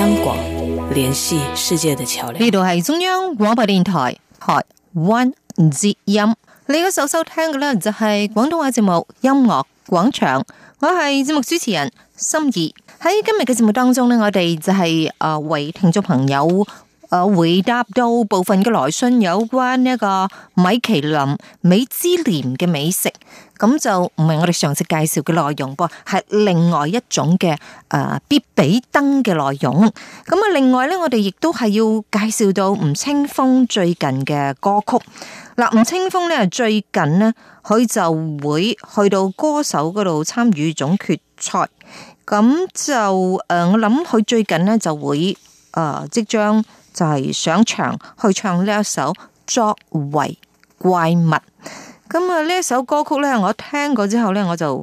香港聯繫世界的橋樑，呢度係中央廣播電台，台灣之音，你嗰首收聽嘅咧就係廣東話節目音樂廣場，我係節目主持人心怡。喺今日嘅節目當中呢，我哋就係誒為聽眾朋友誒回答到部分嘅來信，有關呢個米其林美之廉嘅美食。咁就唔係我哋上次介紹嘅內容噃，係另外一種嘅誒必比登嘅內容。咁啊，另外咧，我哋亦都係要介紹到吳青峰最近嘅歌曲。嗱，吳青峰咧最近呢，佢就會去到歌手嗰度參與總決賽。咁就誒，我諗佢最近呢，就會誒，即將就係上場去唱呢一首作為怪物。咁啊！呢一首歌曲咧，我聽過之後咧，我就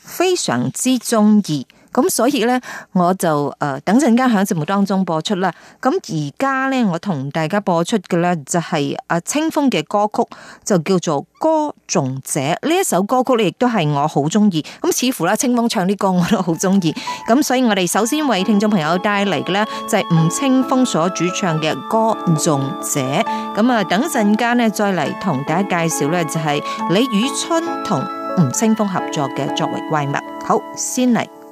非常之中意。咁所以咧，我就誒、呃、等陣間喺節目當中播出啦。咁而家咧，我同大家播出嘅咧，就係阿青峰嘅歌曲，就叫做《歌頌者》呢一首歌曲咧，亦都係我好中意。咁似乎啦，青峰唱啲歌我都好中意。咁所以，我哋首先為聽眾朋友帶嚟嘅咧，就係吳青峰所主唱嘅《歌頌者》。咁啊，等陣間咧再嚟同大家介紹咧，就係李宇春同吳青峰合作嘅《作為怪物》。好，先嚟。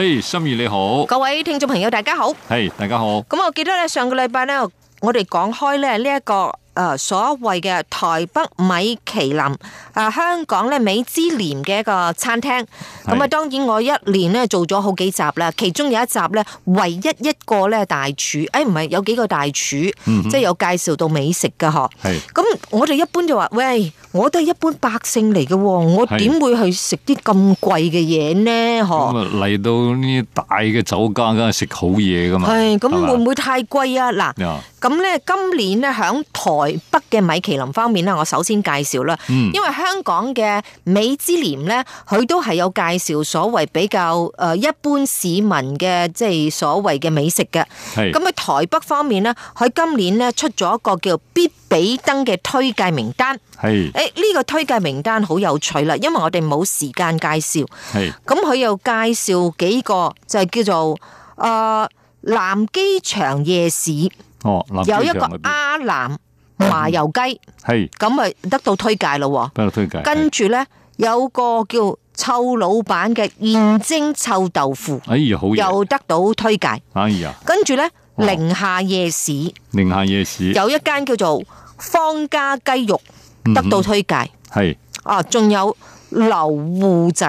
嘿、hey,，心怡你好，各位聽眾朋友大家好，係、hey, 大家好。咁我記得咧，上個禮拜咧，我哋講開咧呢一個。誒，所謂嘅台北米其林，誒、啊、香港咧美芝蓮嘅一個餐廳，咁啊當然我一年咧做咗好幾集啦，其中有一集咧唯一一個咧大廚，誒唔係有幾個大廚，嗯、即係有介紹到美食嘅嗬，咁我哋一般就話，喂，我都係一般百姓嚟嘅喎，我點會去食啲咁貴嘅嘢呢？嗬，咁啊嚟到呢啲大嘅酒家，梗係食好嘢噶嘛，係，咁會唔會太貴啊？嗱咁咧，今年咧喺台北嘅米其林方面咧，我首先介紹啦。因為香港嘅美之廉咧，佢都係有介紹所謂比較誒一般市民嘅即係所謂嘅美食嘅。係。咁喺台北方面呢，佢今年咧出咗一個叫必比登嘅推介名單。係。誒、欸，呢、這個推介名單好有趣啦，因為我哋冇時間介紹。係。咁佢又介紹幾個就係、是、叫做誒、呃、南機場夜市。哦，有一個阿南麻油雞，係咁咪得到推介咯。得到推介，跟住咧有個叫臭老闆嘅現蒸臭豆腐，哎呀好，又得到推介。哎呀，跟住咧寧夏夜市，寧夏夜市有一間叫做方家雞肉，得到推介。係啊，仲有劉芋仔，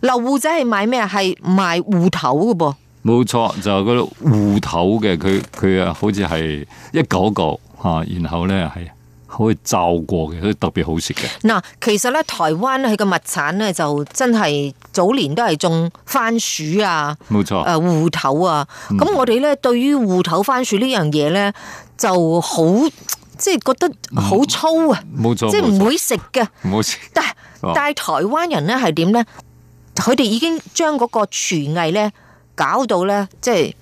劉芋仔係賣咩啊？係賣芋頭嘅噃。冇錯，就嗰、係、度芋頭嘅，佢佢啊，好似係一嚿嚿吓，然後咧係可以罩過嘅，都特別好食嘅。嗱，其實咧台灣佢嘅物產咧就真係早年都係種番薯啊，冇錯，誒、啊、芋頭啊。咁我哋咧、嗯、對於芋頭番薯這件事呢樣嘢咧，就好即係覺得好粗啊，冇、嗯、錯，即係唔會食嘅、嗯。但係但係台灣人咧係點咧？佢哋已經將嗰個廚藝咧。搞到咧，即係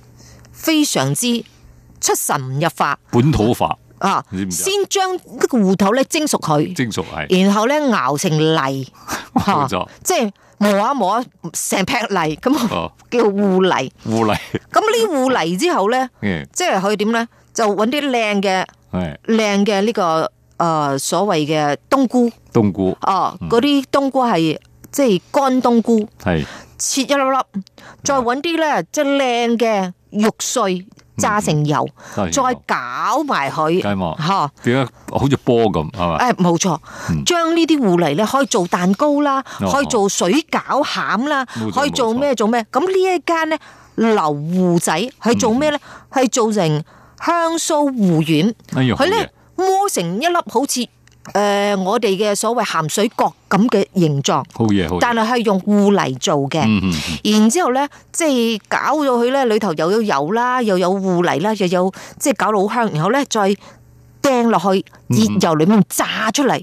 非常之出神入化。本土化啊，知知先將呢個芋頭咧蒸熟佢，蒸熟係，然後咧熬成泥，冇錯，即係磨一磨成劈泥咁啊，叫、就、芋、是、泥。芋、哦、泥，咁呢芋泥之後咧， 即係可以點咧？就搵啲靚嘅，靚嘅呢個誒、呃、所謂嘅冬菇，冬菇哦，嗰、啊、啲冬菇係、嗯、即係乾冬菇，係。切一粒粒，再搵啲咧即係靚嘅肉碎炸成油，再攪埋佢吓，點解好似波咁係嘛？誒，冇錯，將呢啲芋泥咧可以做蛋糕啦，可以做水餃餡啦，可以做咩做咩？咁呢一間咧流芋仔係做咩咧？係做成香酥芋丸，佢咧摸成一粒好似。誒、呃，我哋嘅所謂鹹水角咁嘅形狀，好嘢好！但係係用芋泥做嘅、嗯嗯，然之後咧，即、就、係、是、搞到佢咧裏頭又有油啦，又有芋泥啦，又有即係、就是、搞到好香，然後咧再掟落去、嗯、熱油裏面炸出嚟，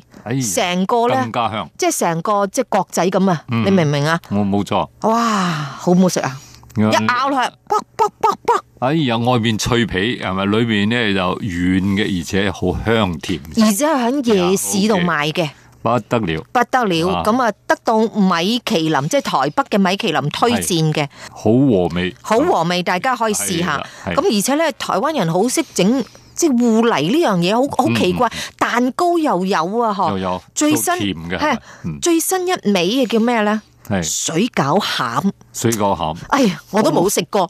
成、哎、個呢，更加香，個即係成個即係角仔咁啊！你明唔明啊？冇、嗯、冇錯，哇，好唔好食啊？一咬落去，卜卜卜卜，哎，呀，外面脆皮，係咪？裏面咧就軟嘅，而且好香甜。而且喺夜市度賣嘅，啊、okay, 不得了，不得了。咁啊，得到米其林，即、就、係、是、台北嘅米其林推薦嘅，好和味，好和味。大家可以試下。咁、啊啊、而且咧，台灣人好識整，即係芋泥呢樣嘢，好好奇怪、嗯。蛋糕又有啊，嗬，又有，最新係、啊啊嗯、最新一味嘅叫咩咧？水餃餡，水餃餡，哎呀，我都冇食過。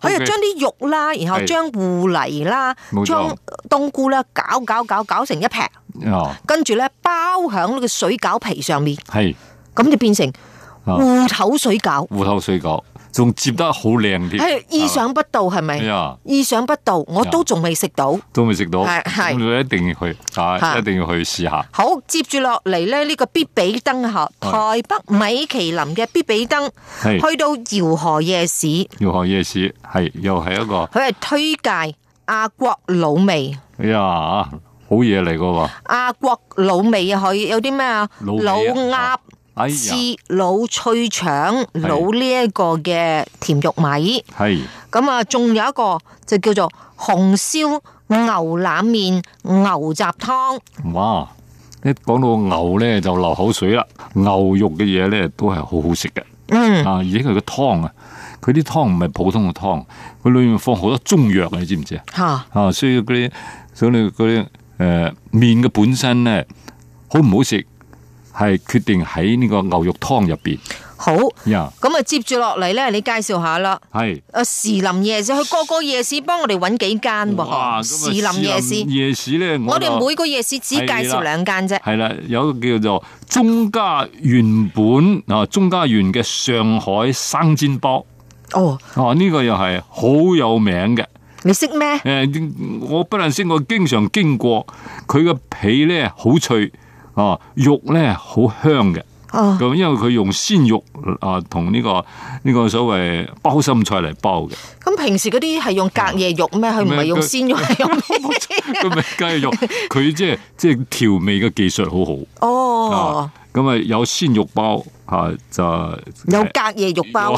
佢又將啲肉啦，然後將芋泥啦，將冬菇啦，攪攪攪攪成一劈、嗯。跟住咧包喺個水餃皮上面，係，咁就變成芋頭水餃，芋、嗯、頭水餃。仲接得好靚啲，意想不到係咪？哎、呀！意想不到，我都仲未食到，都未食到，咁我一定要去，係、啊、一定要去試下。好，接住落嚟咧，呢、呢個必比登啊，台北米其林嘅必比登，去到饒河夜市，饒河夜市係又係一個，佢係推介阿國老味，哎呀好嘢嚟噶喎，阿國老味可以有啲咩啊？老鴨。翅、哎、滷脆腸滷呢一個嘅甜玉米，係咁啊，仲有一個就叫做紅燒牛腩麵牛雜湯。哇！一講到牛咧就流口水啦，牛肉嘅嘢咧都係好好食嘅。嗯啊，而且佢個湯啊，佢啲湯唔係普通嘅湯，佢裏面放好多中藥啊，你知唔知啊？吓啊，所以嗰啲所以嗰啲誒麵嘅本身咧好唔好食？係決定喺呢個牛肉湯入邊。好，咁啊接住落嚟呢，你介紹下啦。係，誒，士林夜市，去個個夜市幫我哋揾幾間喎。哇，士林夜市，夜市呢，我哋每個夜市只介紹兩間啫。係啦，有一個叫做鍾家原本啊，鍾家源嘅上海生煎包。哦，哦、啊，呢、這個又係好有名嘅。你識咩？誒、欸，我不但識，我經常經過，佢嘅皮呢好脆。啊、呢哦，肉咧好香嘅，咁因為佢用鮮肉啊，同呢、這個呢、這個所謂包心菜嚟包嘅。咁、嗯、平時嗰啲係用隔夜肉咩？佢唔係用鮮肉，肉，係用包菜、雞肉。佢即係即係調味嘅技術好好。哦，咁啊、嗯、有鮮肉包，吓、啊、就有隔夜肉包，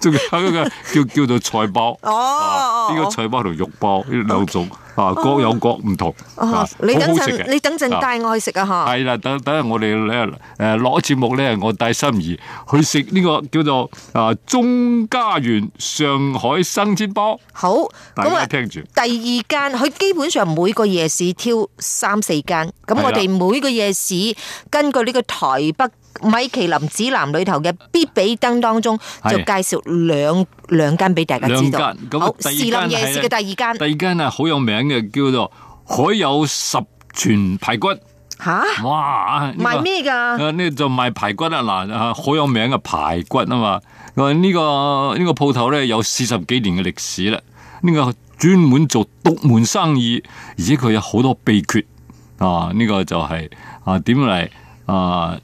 仲 有嗰個叫叫做菜包。哦，呢、啊哦這個菜包同肉包呢兩、哦、種。Okay. 啊，各有各唔同、哦啊。你等陣，你等陣帶我去食啊！吓，係啦，等等下我哋咧，誒，落節目咧，我帶、呃、心怡去食呢個叫做啊，鍾家園上海生煎包。 好，大家聽住。第二間，佢基本上每個夜市挑三四間。咁我哋每個夜市，根據呢個台北。米其林指南裏頭嘅必比登當中就介紹兩兩間俾大家知道。那個、好，士林夜市嘅第二間，第二間係好有名嘅，叫做海有十全排骨。吓，哇，這個、賣咩㗎？呢、啊這個、就賣排骨啊嗱，吓，好有名嘅排骨啊嘛。咁、啊、呢、呢個呢、呢個鋪頭咧有四十幾年嘅歷史啦，呢、呢個專門做獨門生意，而且佢有好多秘訣啊。呢、呢個就係、是、啊，點嚟啊？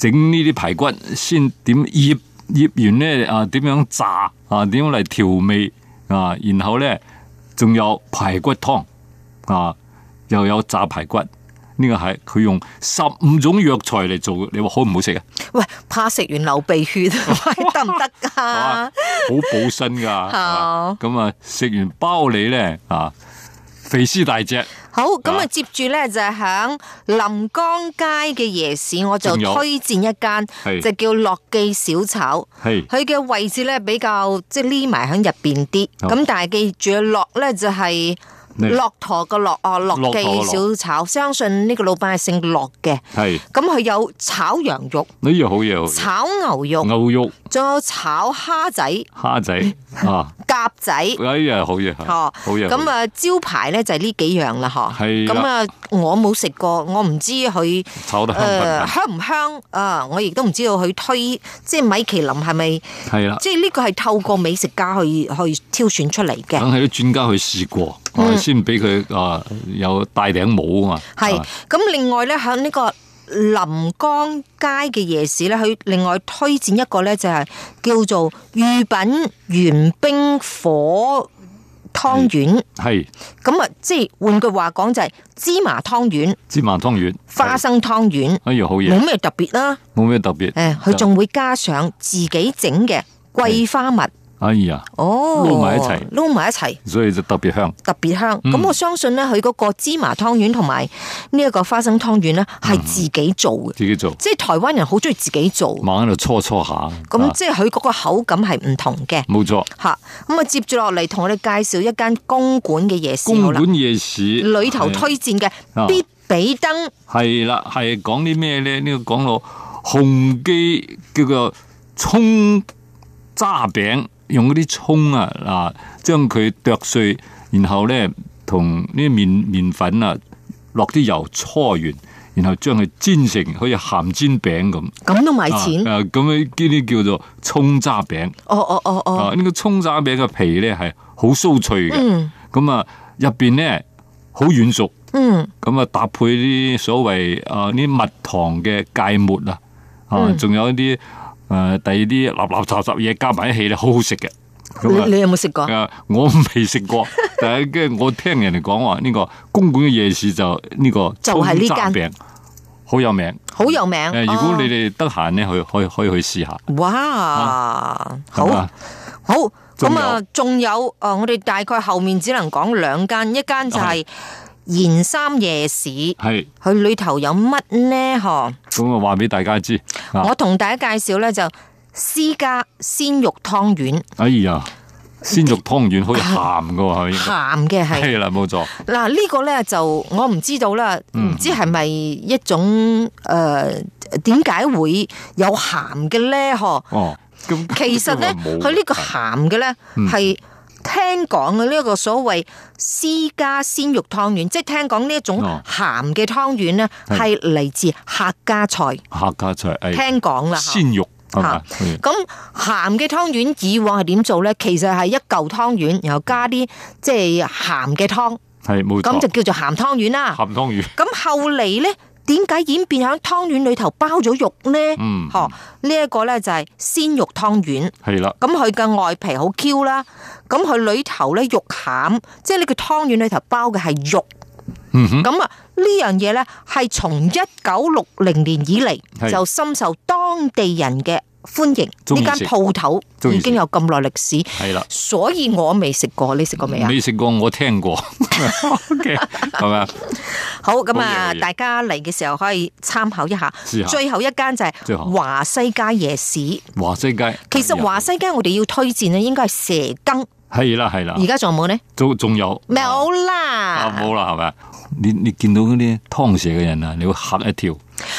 整呢啲排骨先點醃，醃完咧啊，點樣炸啊，點樣嚟調味啊，然後咧仲有排骨湯啊又有炸排骨呢、這個係佢用十五種藥材嚟做，你話好唔好食啊？喂怕食完流鼻血，喂，得唔得噶？好、啊、補身噶，咁 啊食、嗯啊、完包你咧啊！肥屍大隻，好咁啊！接住呢就係響臨江街嘅夜市，我就推薦一間，就叫樂記小炒。係佢嘅位置呢比較即係匿埋響入邊啲，咁、啊、但係記住樂呢就係、是。駱駝個駱哦，駱記小炒，駱駱相信呢個老闆係姓駱嘅。係。咁佢有炒羊肉。呢、哎、呀，好嘢好。炒牛肉。牛肉。仲有炒蝦仔。蝦仔。啊。鴿仔。呢、哎、呀，好嘢。好嘢。咁啊，招牌咧就係呢幾樣啦，嗬。係。咁啊，我冇食過，我唔知佢、呃。炒得香唔香？香唔香啊？我亦都唔知道佢推，即、就、係、是、米其林係咪？係啦。即係呢個係透過美食家去去挑選出嚟嘅。梗係啲專家去試過。我先俾佢啊，有戴頂帽啊嘛。係咁，另外咧喺呢個臨江街嘅夜市咧，佢另外推薦一個咧就係叫做御品原冰火湯圓。係咁啊，即係換句話講就係芝麻湯圓、芝麻湯圓、花生湯圓。哎呀，好嘢！冇咩特別啦，冇咩特別。誒，佢仲會加上自己整嘅桂花蜜。哎呀！哦，撈埋一齊，撈埋一齊，所以就特別香，特別香。咁、嗯、我相信咧，佢嗰個芝麻湯圓同埋呢一個花生湯圓咧，係自己做嘅、嗯嗯，自己做。即係台灣人好中意自己做，猛喺度搓搓下。咁即係佢嗰個口感係唔同嘅，冇錯。吓咁啊，嗯、接住落嚟同我哋介紹一間公館嘅夜，夜市，公館夜市裏頭推薦嘅必比登係啦，係講啲咩咧？的的的呢、這個講到雄記叫做蔥抓餅。用嗰啲蔥啊嗱，將、啊、佢剁碎，然後咧同呢麵麵粉啊落啲油搓完，然後將佢煎成好似鹹煎餅咁，咁都賣錢。誒、啊，咁呢啲叫做蔥渣餅。哦哦哦哦，呢、哦啊呢個蔥渣餅嘅皮咧係好酥脆嘅。嗯。咁啊，入邊咧好軟熟。嗯。咁啊，搭配啲所謂啊呢蜜糖嘅芥末啊，啊，仲、嗯、有啲。誒、呃，第二啲垃垃雜雜嘢加埋一齊咧，好好食嘅。你有冇食過？啊、呃，我未食過， 但係跟住我聽人哋講話呢個公館嘅夜市就呢、那個蔥油渣餅好、就是、有名，好有名。誒、呃，如果你哋得閒咧，去、哦、去可，可，可以去試下。哇，好、啊，好，咁啊，仲有誒、呃，我哋大概後面只能講兩間，一間就係、是。啊鹽三夜市係，佢裏頭有乜呢？嗬，咁我話俾大家知，啊。我同大家介紹咧，就私家鮮肉湯圓。哎呀，鮮肉湯圓好似鹹噶，鹹嘅係。係啦，冇錯。嗱，啊這個，呢個咧就我唔知道啦，唔、嗯、知係咪一種誒、點、呃、解會有鹹嘅咧？嗬。哦。其實咧，佢呢個鹹嘅咧係。嗯聽講嘅呢一個所謂私家鮮肉湯圓，即係聽講呢一種鹹嘅湯圓咧，係嚟自客家菜。客家菜，聽講啦，鮮肉。咁鹹嘅湯圓以往係點做呢？其實係一嚿湯圓，然後加啲即係鹹嘅湯，係、就、咁、是、就叫做鹹湯圓啦。鹹湯圓。咁後嚟呢？點解演變喺湯圓裏頭包咗肉呢？嗯，呢一個呢就係鮮肉湯圓。係啦，咁佢嘅外皮好 Q 啦，咁佢裏頭呢肉餡，即係呢個湯圓裏頭包嘅係肉。嗯哼，咁啊呢樣嘢呢，係從一九六零年以嚟，就深受當地人嘅。歡迎呢間鋪頭已經有咁耐歷史，係啦，所以我未食過，你食過未啊？未食過，我聽過，係咪啊？好咁啊、嗯，大家嚟嘅時候可以參考一下。啊、最後一間就係華西街夜市。華西街，其實華西街我哋要推薦咧，應該係蛇羹。係啦係啦，而家仲有冇呢？都仲有，冇啦，冇啦，係咪你你見到嗰啲湯蛇嘅人啊，你會吓一跳。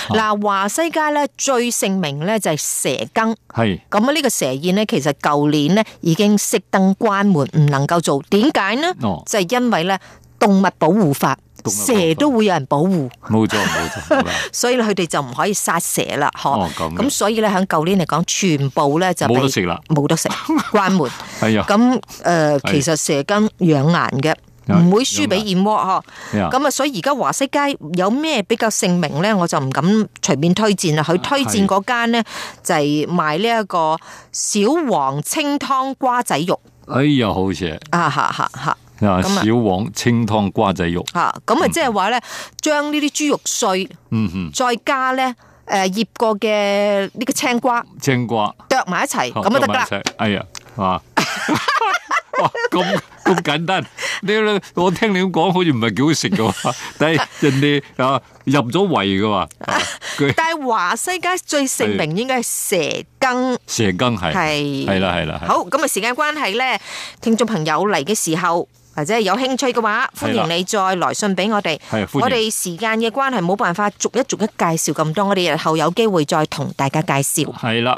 嗱、啊，華、啊、西街咧最盛名咧就係、是、蛇羹。係咁啊，呢個蛇宴咧，其實舊年咧已經熄燈關門，唔能夠做。點解呢？哦、就係、是、因為咧動物保護法，法，蛇都會有人保護。冇錯，冇錯。 所以佢哋就唔可以殺蛇啦。哦，咁、啊。咁所以咧，喺舊年嚟講，全部咧就冇得食啦，冇得食，關門。係 啊。咁誒、呃，其實蛇羹養顏嘅。唔會輸俾燕窩嗬，咁、嗯、啊，嗯嗯、所以而家華西街有咩比較盛名咧，我就唔敢隨便推薦啦。佢推薦嗰間咧就係、是、賣呢一個小黃清湯瓜仔肉。哎呀，好似啊啊啊啊！啊啊嗯、小黃清湯瓜仔肉。吓，咁啊，即係話咧，將呢啲豬肉碎，嗯哼，再加咧，誒、呃，醃過嘅呢個青瓜，青瓜剁埋一齊，咁就得噶啦。哎呀！係嘛？哇，咁咁簡單？你我聽你咁講，好似唔係幾好食嘅。但係人哋啊入咗胃嘅嘛。但係華西街最盛名應該係蛇羹。蛇羹係。係啦係啦。好，咁啊時間關係咧，聽眾朋友嚟嘅時候或者係有興趣嘅話，歡迎你再來信俾我哋。我哋時間嘅關係冇辦法逐一逐一介紹咁多，我哋日後有機會再同大家介紹。係啦。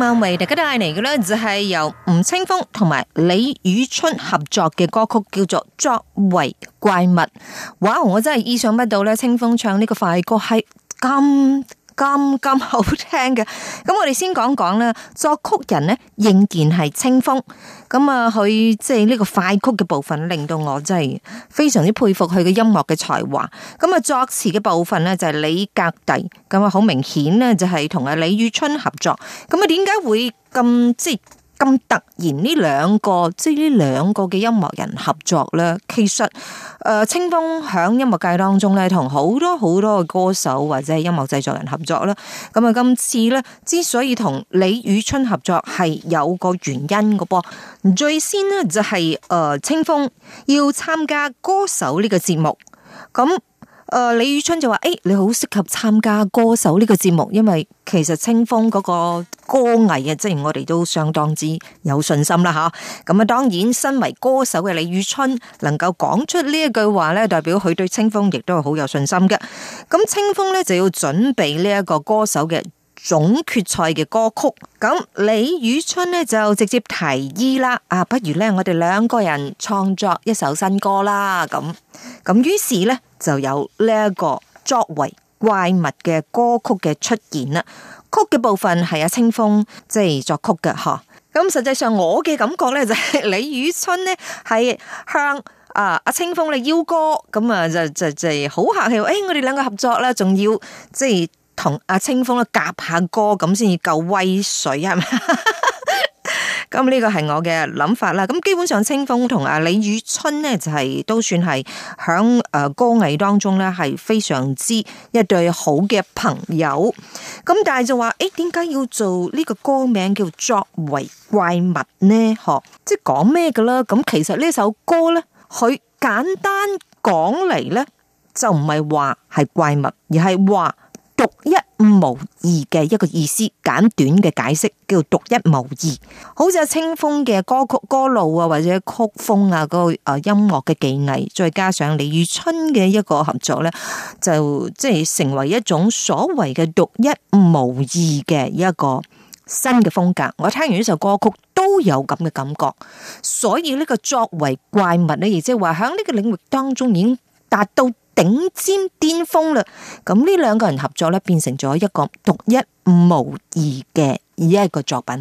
今晚為大家帶嚟嘅咧就係由吳青峰同埋李宇春合作嘅歌曲，叫做《作為怪物》。哇！Wow！我真係意想不到咧，青峰唱呢個快歌係咁。咁咁好聽嘅，咁我哋先講講咧，作曲人咧仍然係青峰，咁啊佢即係呢個快曲嘅部分令到我真係非常之佩服佢嘅音樂嘅才華，咁啊作詞嘅部分咧就係李格弟，咁啊好明顯咧就係同阿李宇春合作，咁啊點解會咁即係？咁突然呢兩個，即係呢兩個嘅音樂人合作咧，其實誒，青峰響音樂界當中咧，同好多好多嘅歌手或者係音樂製作人合作啦。咁啊，今次咧之所以同李宇春合作係有個原因嘅噃，最先咧就係誒，青峰要參加歌手呢個節目，咁。誒、呃，李宇春就話：誒、哎，你好適合參加歌手呢個節目，因為其實青峰嗰個歌藝啊，即係我哋都相當之有信心啦，吓。咁啊，當然身為歌手嘅李宇春能夠講出呢一句話咧，代表佢對青峰亦都係好有信心嘅。咁青峰咧就要準備呢一個歌手嘅。總決賽嘅歌曲，咁李宇春咧就直接提議啦，啊，不如咧我哋兩個人創作一首新歌啦，咁咁於是咧就有呢一個作為怪物嘅歌曲嘅出現啦。曲嘅部分係阿青峰即係作曲嘅哈，咁實際上我嘅感覺咧就係李宇春咧係向啊阿青峰咧邀歌，咁啊就就就好客氣，誒、哎、我哋兩個合作啦，仲要即係。同阿青峰咧夾下歌咁先至夠威水啊！咁呢個係我嘅諗法啦。咁基本上青和、就是，青峰同阿李宇春呢，就係都算係響誒歌藝當中呢，係非常之一對好嘅朋友。咁但係就話誒，點、欸、解要做呢個歌名叫作為怪物呢？嗬，即係講咩噶啦？咁其實呢首歌呢，佢簡單講嚟呢，就唔係話係怪物，而係話。獨一無二嘅一個意思，簡短嘅解釋叫獨一無二，好似青峰嘅歌曲歌路啊，或者曲風啊，嗰個誒音樂嘅技藝，再加上李宇春嘅一個合作咧，就即係成為一種所謂嘅獨一無二嘅一個新嘅風格。我聽完呢首歌曲都有咁嘅感覺，所以呢個作為怪物咧，亦即係話響呢個領域當中已經達到。頂尖巔峰嘞，咁呢兩個人合作咧，變成咗一個獨一無二嘅一個作品。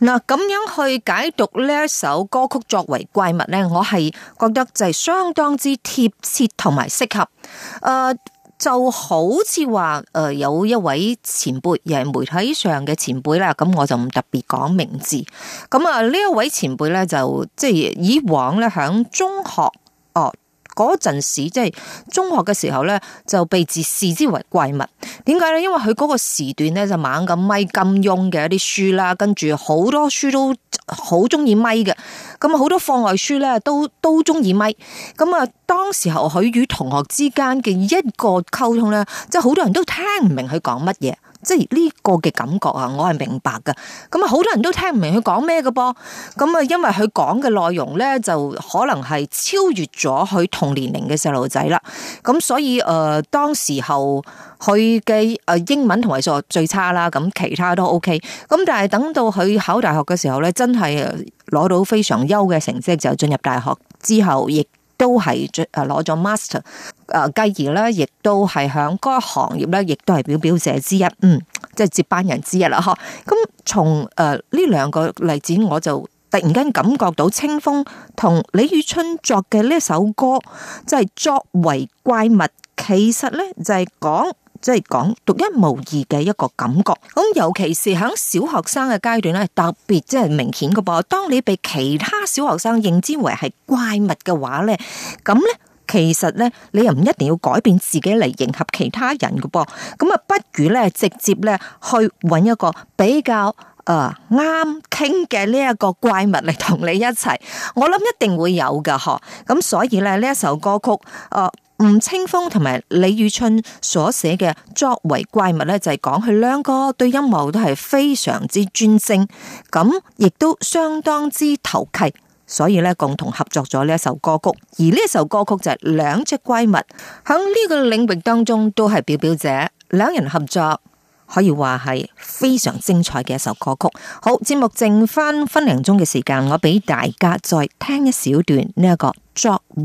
嗱，咁樣去解讀呢一首歌曲作為怪物咧，我係覺得就係相當之貼切同埋適合。誒、呃，就好似話誒，有一位前輩，又係媒體上嘅前輩啦。咁我就唔特別講名字。咁啊，呢一位前輩咧，就即係以往咧，響中學哦。嗰陣時即係中學嘅時候咧，就被自視之為怪物。點解咧？因為佢嗰個時段咧就猛咁咪金庸嘅一啲書啦，跟住好多書都好中意咪嘅。咁啊，好多課外書咧都都中意咪。咁啊，當時候佢與同學之間嘅一個溝通咧，即係好多人都聽唔明佢講乜嘢。即係呢個嘅感覺啊，我係明白噶。咁啊，好多人都聽唔明佢講咩嘅噃。咁啊，因為佢講嘅內容咧，就可能係超越咗佢同年齡嘅細路仔啦。咁所以誒，當時候佢嘅誒英文同埋數學最差啦，咁其他都 OK。咁但係等到佢考大學嘅時候咧，真係攞到非常優嘅成績，就進入大學之後，亦。都係誒，攞咗 master 誒，繼而咧，亦都係響該行業咧，亦都係表表者之一，嗯，即係接班人之一啦，嗬。咁從誒呢兩個例子，我就突然間感覺到，青峰同李宇春作嘅呢首歌，即係作為怪物，其實咧就係講。即係講獨一無二嘅一個感覺，咁尤其是喺小學生嘅階段咧，特別即係明顯噶噃。當你被其他小學生認知為係怪物嘅話咧，咁咧其實咧你又唔一定要改變自己嚟迎合其他人噶噃。咁啊不如咧直接咧去揾一個比較誒啱傾嘅呢一個怪物嚟同你一齊。我諗一定會有噶嗬。咁所以咧呢一首歌曲，誒、呃。吳青峰同埋李宇春所寫嘅《作為怪物》呢，就係講佢兩個對音樂都係非常之專精，咁亦都相當之投契，所以咧共同合作咗呢一首歌曲。而呢一首歌曲就係兩隻怪物響呢個領域當中都係表表者，兩人合作可以話係非常精彩嘅一首歌曲。好，節目剩翻分零鐘嘅時間，我俾大家再聽一小段呢一個《作為》